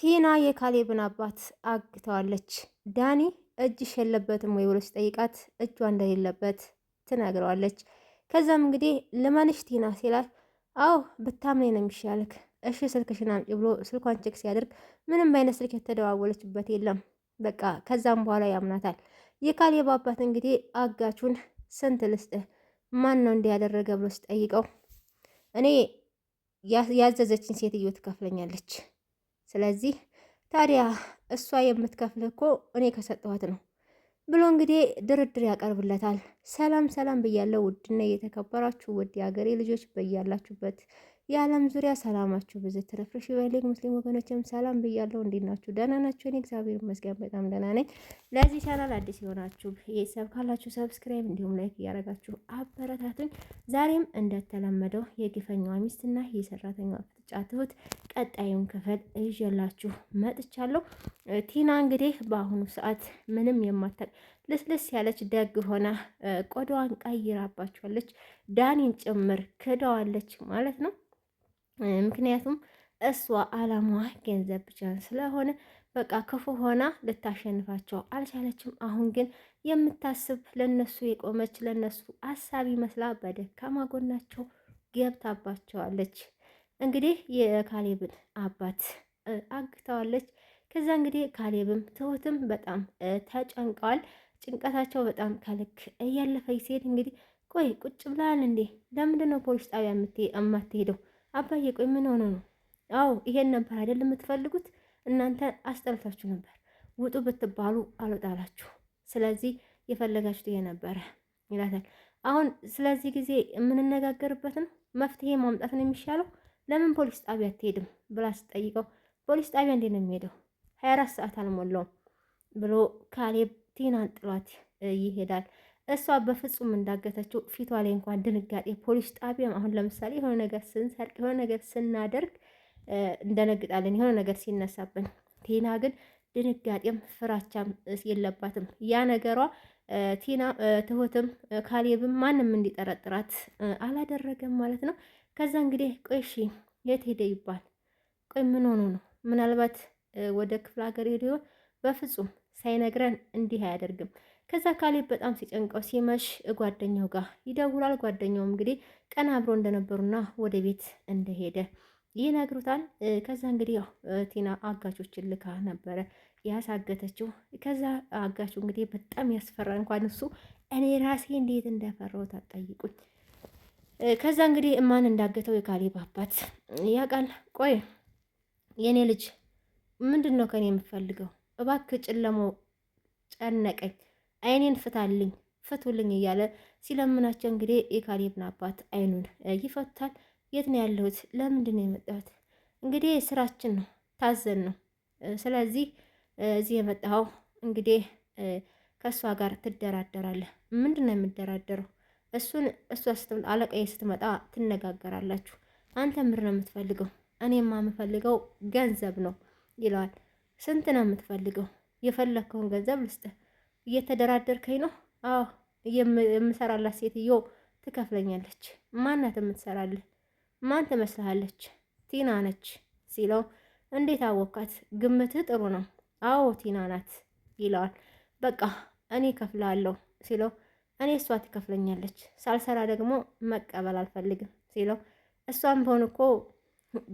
ቲና የካሌብን አባት አግተዋለች። ዳኒ እጅሽ የለበትም ወይ ብሎ ሲጠይቃት እጇ እንደሌለበት ትነግረዋለች። ከዛም እንግዲህ ልመንሽ ቲና ሲላት አዎ ብታምኔ ነው የሚሻልክ፣ እሺ ስልክሽን አምጪ ብሎ ስልኳን ቼክ ሲያደርግ ምንም አይነት ስልክ የተደዋወለችበት የለም። በቃ ከዛም በኋላ ያምናታል። የካሌብ አባት እንግዲህ አጋቹን ስንት ልስጥህ ማን ነው እንዲያደረገ ብሎ ሲጠይቀው እኔ ያዘዘችኝ ሴትዮ ትከፍለኛለች ስለዚህ ታዲያ እሷ የምትከፍል እኮ እኔ ከሰጠኋት ነው ብሎ እንግዲህ ድርድር ያቀርብለታል። ሰላም ሰላም ብያለው ውድና እየተከበራችሁ ውድ የሀገሬ ልጆች በያላችሁበት የዓለም ዙሪያ ሰላማችሁ ብዙ ትርፍርሽ ይበልኝ። ሙስሊም ወገኖችም ሰላም ብያለው። እንዴት ናችሁ? ደህና ናችሁ? እኔ እግዚአብሔር ይመስገን በጣም ደህና ነኝ። ለዚህ ቻናል አዲስ የሆናችሁ የሰብ ካላችሁ ሰብስክራይብ፣ እንዲሁም ላይክ እያደረጋችሁ አበረታቱኝ። ዛሬም እንደተለመደው የግፈኛዋ ሚስትና የሰራተኛዋ ሲጫተቱት ቀጣዩን ክፍል ይዤላችሁ መጥቻለሁ። ቲና እንግዲህ በአሁኑ ሰዓት ምንም የማታቅ ልስልስ ያለች ደግ ሆና ቆዳዋን ቀይራባችኋለች። ዳኒን ጭምር ክደዋለች ማለት ነው። ምክንያቱም እሷ አላማዋ ገንዘብ ብቻ ስለሆነ በቃ ክፉ ሆና ልታሸንፋቸው አልቻለችም። አሁን ግን የምታስብ ለነሱ የቆመች ለነሱ አሳቢ መስላ በደካማ ጎናቸው ገብታባቸዋለች። እንግዲህ የካሌብን አባት አግተዋለች። ከዛ እንግዲህ ካሌብም ትሁትም በጣም ተጨንቀዋል። ጭንቀታቸው በጣም ከልክ እያለፈ ሲሄድ እንግዲህ ቆይ ቁጭ ብላል እንዴ? ለምንድን ነው ፖሊስ ጣቢያ የማትሄደው? አባዬ ቆይ ምን ሆነ ነው? አዎ ይሄን ነበር አይደል የምትፈልጉት? እናንተ አስጠልታችሁ ነበር። ውጡ ብትባሉ አልወጣላችሁ። ስለዚህ የፈለጋችሁት ይሄ ነበረ ይላታል። አሁን ስለዚህ ጊዜ የምንነጋገርበት ነው መፍትሄ ማምጣት ነው የሚሻለው ለምን ፖሊስ ጣቢያ አትሄድም ብላ ስጠይቀው ፖሊስ ጣቢያ እንዴት ነው የሚሄደው? ሀያ አራት ሰዓት አልሞላውም ብሎ ካሌብ ቲናን ጥሏት ይሄዳል። እሷ በፍጹም እንዳገተችው ፊቷ ላይ እንኳን ድንጋጤ ፖሊስ ጣቢያም አሁን ለምሳሌ የሆነ ነገር ስንሰርቅ የሆነ ነገር ስናደርግ እንደነግጣለን የሆነ ነገር ሲነሳብን። ቲና ግን ድንጋጤም ፍራቻም የለባትም። ያ ነገሯ ቲና ትሁትም ካሌብም ማንም እንዲጠረጥራት አላደረገም ማለት ነው። ከዛ እንግዲህ ቆሺ። የት ሄደ ይባል? ቆይ ምን ሆኖ ነው? ምናልባት ወደ ክፍለ ሀገር ሄዶ ይሆን? በፍጹም ሳይነግረን እንዲህ አያደርግም። ከዛ ካሌብ በጣም ሲጨንቀው ሲመሽ ጓደኛው ጋር ይደውላል። ጓደኛው እንግዲህ ቀን አብሮ እንደነበሩና ወደ ቤት እንደሄደ ይነግሩታል። ከዛ እንግዲህ ያው ቲና አጋቾችን ልካ ነበረ ያሳገተችው። ከዛ አጋቹ እንግዲህ በጣም ያስፈራ እንኳን እሱ እኔ ራሴ እንዴት እንደፈራሁት አትጠይቁኝ። ከዛ እንግዲህ እማን እንዳገተው የካሌብ አባት ያውቃል። ቆይ የእኔ ልጅ ምንድን ነው ከኔ የምፈልገው? እባክህ ጨለሞ ጨነቀኝ፣ አይኔን ፍታልኝ፣ ፍቱልኝ እያለ ሲለምናቸው እንግዲህ የካሌብን አባት አይኑን ይፈቱታል? የት ነው ያለሁት? ለምንድን ነው የመጣሁት? እንግዲህ ስራችን ነው፣ ታዘን ነው። ስለዚህ እዚህ የመጣኸው እንግዲህ ከእሷ ጋር ትደራደራለህ። ምንድን ነው የምደራደረው? እሱን እሷ አለቃዬ ስትመጣ ትነጋገራላችሁ። አንተ ምር ነው የምትፈልገው? እኔማ የምፈልገው ገንዘብ ነው ይለዋል። ስንት ነው የምትፈልገው? የፈለግከውን ገንዘብ ልስጥ። እየተደራደርከኝ ነው? አዎ፣ የምሰራላት ሴትዮ ትከፍለኛለች። ማናት የምትሰራልህ? ማን ትመስልሃለች? ቲና ነች ሲለው፣ እንዴት አወቃት? ግምትህ ጥሩ ነው። አዎ ቲና ናት ይለዋል። በቃ እኔ ከፍላለሁ ሲለው እኔ እሷ ትከፍለኛለች፣ ሳልሰራ ደግሞ መቀበል አልፈልግም ሲለው እሷም ቢሆን እኮ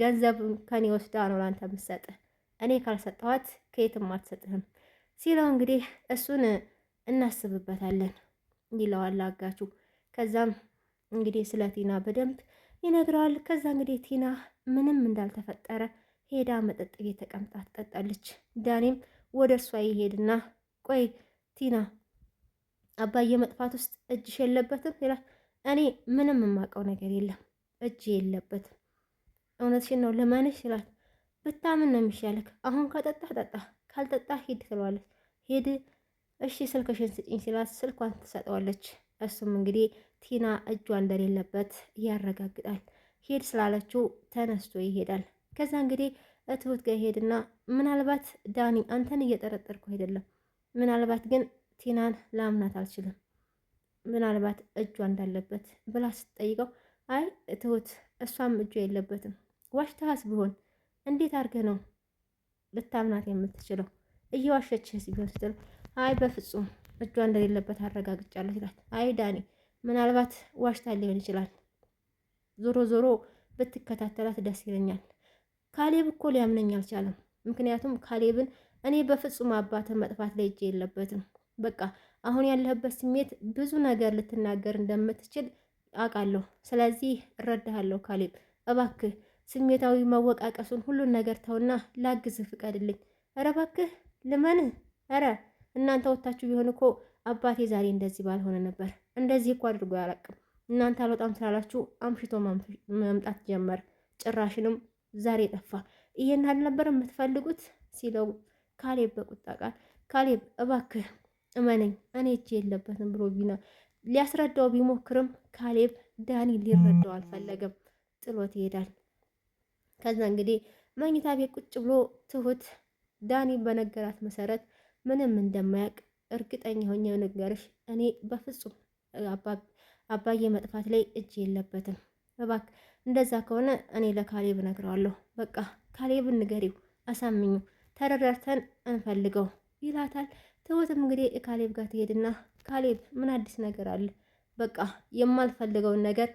ገንዘብ ከኔ ወስዳ ነው ላንተ የምትሰጥህ፣ እኔ ካልሰጠኋት ከየትም አትሰጥህም ሲለው እንግዲህ እሱን እናስብበታለን ይለዋል አጋቹ። ከዛም እንግዲህ ስለ ቲና በደንብ ይነግረዋል። ከዛ እንግዲህ ቲና ምንም እንዳልተፈጠረ ሄዳ መጠጥ ቤት ተቀምጣ ትጠጣለች። ዳኔም ወደ እሷ ይሄድና ቆይ ቲና አባዬ መጥፋት ውስጥ እጅሽ የለበትም ይላል። እኔ ምንም የማውቀው ነገር የለም እጅ የለበትም። እውነትሽን ነው ልመንሽ ይላል። ብታምን ነው የሚሻልክ። አሁን ከጠጣህ ጠጣ፣ ካልጠጣ ሂድ ትለዋለች። ሂድ እሺ ስልክሽን ስጭኝ ሲላት ስልኳን ትሰጠዋለች። እሱም እንግዲህ ቲና እጇ እንደሌለበት ያረጋግጣል። ሄድ ስላለችው ተነስቶ ይሄዳል። ከዛ እንግዲህ እትሁት ጋር ይሄድና ምናልባት ዳኒ አንተን እየጠረጠርኩ አይደለም፣ ምናልባት ግን ቲናን ላምናት አልችልም፣ ምናልባት እጇ እንዳለበት ብላ ስትጠይቀው አይ ትሁት እሷም እጇ የለበትም ዋሽታህስ ቢሆን እንዴት አድርገህ ነው ልታምናት የምትችለው? እየዋሸችህስ ቢሆን ስትል አይ በፍጹም እጇ እንደሌለበት አረጋግጫለሁ ይላል። አይ ዳኒ ምናልባት ዋሽታ ሊሆን ይችላል። ዞሮ ዞሮ ብትከታተላት ደስ ይለኛል። ካሌብ እኮ ሊያምነኝ አልቻለም። ምክንያቱም ካሌብን እኔ በፍጹም አባትህ መጥፋት ላይ እጄ የለበትም በቃ አሁን ያለህበት ስሜት ብዙ ነገር ልትናገር እንደምትችል አውቃለሁ። ስለዚህ እረዳሃለሁ ካሌብ፣ እባክህ ስሜታዊ መወቃቀሱን ሁሉን ነገር ተውና ላግዝህ ፍቀድልኝ። ኧረ እባክህ ልመንህ። እናንተ ወታችሁ ቢሆን እኮ አባቴ ዛሬ እንደዚህ ባልሆነ ነበር። እንደዚህ እኮ አድርጎ አያውቅም። እናንተ አልወጣም ስላላችሁ አምሽቶ መምጣት ጀመር። ጭራሽንም ዛሬ ጠፋ። ይሄን አልነበር የምትፈልጉት ሲለው ካሌብ በቁጣ ቃል ካሌብ እባክህ እመነኝ እኔ እቺ የለበትም ብሎ ቢና ሊያስረዳው ቢሞክርም ካሌብ ዳኒ ሊረዳው አልፈለገም፣ ጥሎት ይሄዳል። ከዛ እንግዲህ መኝታ ቤት ቁጭ ብሎ ትሁት ዳኒ በነገራት መሰረት ምንም እንደማያውቅ እርግጠኛ ሆኜ ነገርሽ፣ እኔ በፍጹም አባዬ መጥፋት ላይ እጅ የለበትም። እባክ እንደዛ ከሆነ እኔ ለካሌብ እነግረዋለሁ። በቃ ካሌብን ንገሪው፣ አሳምኙ፣ ተረዳርተን እንፈልገው ይላታል። ትሁትም እንግዲህ ካሌብ ጋር ትሄድና ካሌብ ምን አዲስ ነገር አለ? በቃ የማልፈልገውን ነገር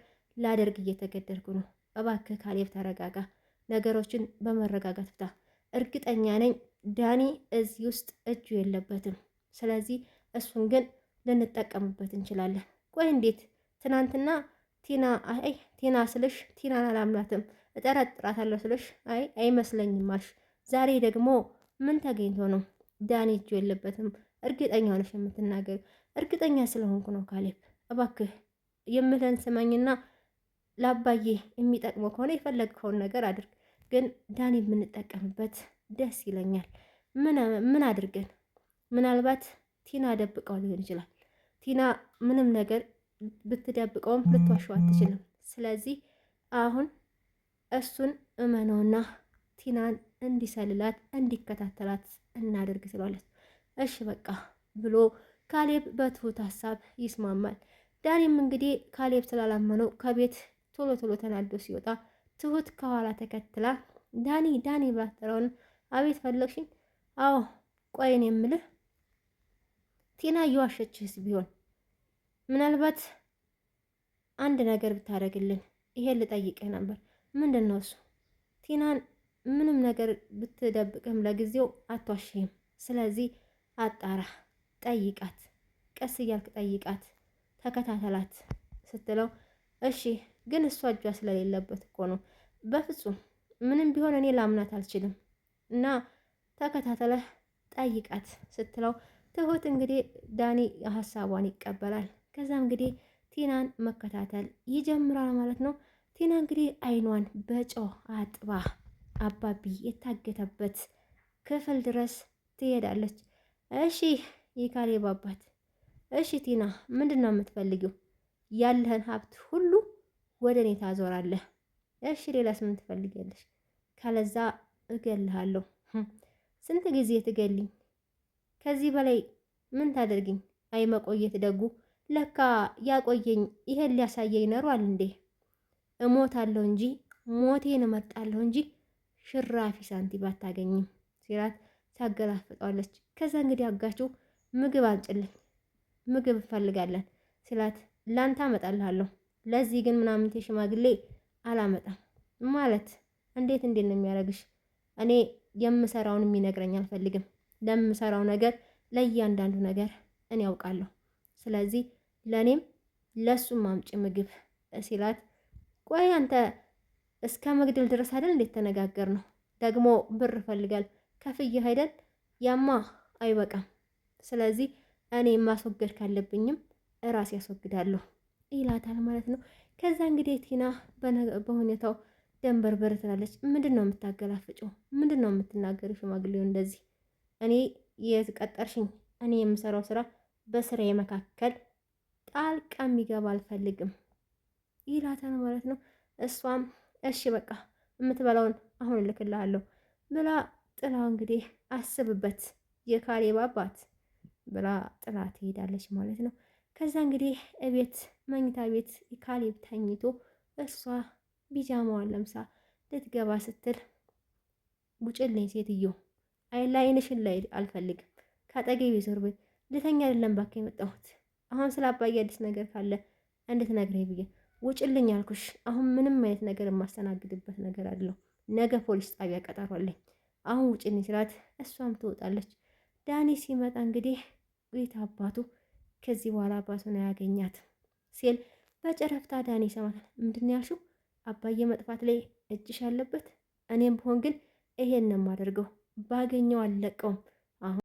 ላደርግ እየተገደድኩ ነው። እባክህ ካሌብ ተረጋጋ፣ ነገሮችን በመረጋጋት ፍታ። እርግጠኛ ነኝ ዳኒ እዚህ ውስጥ እጁ የለበትም። ስለዚህ እሱን ግን ልንጠቀምበት እንችላለን። ቆይ እንዴት ትናንትና ቲና አይ ቲና ስልሽ ቲናን አላምናትም እጠረጥራታለሁ ስልሽ አይ አይመስለኝም አልሽ። ዛሬ ደግሞ ምን ተገኝቶ ነው ዳኒ እጁ የለበትም እርግጠኛ ሆነሽ የምትናገር? እርግጠኛ ስለሆንኩ ነው ካሌብ። እባክህ የምልህን ስማኝና ለአባዬ የሚጠቅመው ከሆነ የፈለግከውን ነገር አድርግ። ግን ዳኒ የምንጠቀምበት ደስ ይለኛል። ምን አድርገን? ምናልባት ቲና ደብቀው ሊሆን ይችላል። ቲና ምንም ነገር ብትደብቀውም ልትዋሸው አትችልም። ስለዚህ አሁን እሱን እመነውና ቲናን እንዲሰልላት እንዲከታተላት እናደርግ ትሏለች። እሺ በቃ ብሎ ካሌብ በትሁት ሀሳብ ይስማማል። ዳኒም እንግዲህ ካሌብ ስላላመነው ከቤት ቶሎ ቶሎ ተናዶ ሲወጣ ትሁት ከኋላ ተከትላ ዳኒ ዳኒ ብላ አቤት ፈለግሽኝ? አዎ ቆይን የምልህ ቲና እየዋሸችህስ ቢሆን ምናልባት አንድ ነገር ብታደርግልን ይሄን ልጠይቅህ ነበር። ምንድን ነው እሱ? ቲናን ምንም ነገር ብትደብቅህም ለጊዜው አትዋሽህም። ስለዚህ አጣራ፣ ጠይቃት፣ ቀስ እያልክ ጠይቃት፣ ተከታተላት ስትለው እሺ፣ ግን እሷ እጇ ስለሌለበት እኮ ነው። በፍጹም ምንም ቢሆን እኔ ላምናት አልችልም። እና ተከታተለህ ጠይቃት ስትለው ትሁት እንግዲህ ዳኒ ሀሳቧን ይቀበላል። ከዛ እንግዲህ ቲናን መከታተል ይጀምራል ማለት ነው። ቲና እንግዲህ አይኗን በጨው አጥባ አባቢ የታገተበት ክፍል ድረስ ትሄዳለች። እሺ የካሌብ አባት፣ እሺ ቲና፣ ምንድን ነው የምትፈልጊው? ያለህን ሀብት ሁሉ ወደ እኔ ታዞራለህ። እሺ ሌላስ ምን ትፈልጊያለሽ? ካለዛ እገልሃለሁ። hm፣ ስንት ጊዜ ትገልኝ? ከዚህ በላይ ምን ታደርግኝ? አይ መቆየት ደጉ ለካ ያቆየኝ ይሄን ሊያሳየኝ ይኖሯል እንዴ? እሞታለሁ እንጂ ሞቴን እመርጣለሁ እንጂ ሽራፊ ሳንቲም አታገኝም ሲላት ታገላፍጠዋለች። ከዛ እንግዲህ አጋችሁ ምግብ አምጪልን፣ ምግብ እንፈልጋለን ስላት ላንተ አመጣልሃለሁ ለዚህ ግን ምናምን ሽማግሌ አላመጣም ማለት እንዴት እንዴት ነው የሚያደርግሽ? እኔ የምሰራውን የሚነግረኝ አልፈልግም። ለምሰራው ነገር ለእያንዳንዱ ነገር እኔ ያውቃለሁ። ስለዚህ ለእኔም ለእሱም አምጪ ምግብ ሲላት፣ ቆይ አንተ እስከ መግደል ድረስ አይደል እንዴት ተነጋገር ነው ደግሞ ብር እፈልጋል ከፍዬ አይደል? ያማ አይበቃም። ስለዚህ እኔ ማስወገድ ካለብኝም እራሴ ያስወግዳለሁ ይላታል ማለት ነው። ከዛ እንግዲህ ቲና በሁኔታው ደንበርበር ትላለች። ምንድን ነው የምታገላፍጭው? ምንድን ነው የምትናገሩ? ሽማግሌው እንደዚህ እኔ የቀጠርሽኝ እኔ የምሰራው ስራ በስራዬ መካከል ጣልቃ የሚገባ አልፈልግም ይላታል ማለት ነው። እሷም እሺ በቃ የምትበላውን አሁን እልክልሃለሁ ብላ ጥላ እንግዲህ አስብበት የካሌብ አባት ብላ ጥላ ትሄዳለች ማለት ነው። ከዛ እንግዲህ እቤት መኝታ ቤት ካሌብ ተኝቶ እሷ ቢጃማዋን ለምሳ ልትገባ ስትል ውጭልኝ ሴትዮ፣ አይን ላይ ላይ አልፈልግም፣ ከአጠገቤ ዞር በይ፣ ልተኛ አይደለም እባክህ የመጣሁት አሁን ስለ አባዬ አዲስ ነገር ካለ እንድትነግረኝ ብዬ ውጭልኝ አልኩሽ። አሁን ምንም አይነት ነገር የማስተናግድበት ነገር አለው። ነገ ፖሊስ ጣቢያ ቀጠሯለኝ። አሁን ውጭን ስላት እሷም ትወጣለች። ዳኒ ሲመጣ እንግዲህ ቤት አባቱ ከዚህ በኋላ አባቱን አያገኛት ሲል በጨረፍታ ዳኒ ይሰማታል። ምንድን ያልሽው? አባዬ መጥፋት ላይ እጅሽ አለበት። እኔም ብሆን ግን ይሄን ነው የማደርገው። ባገኘው አልለቀውም።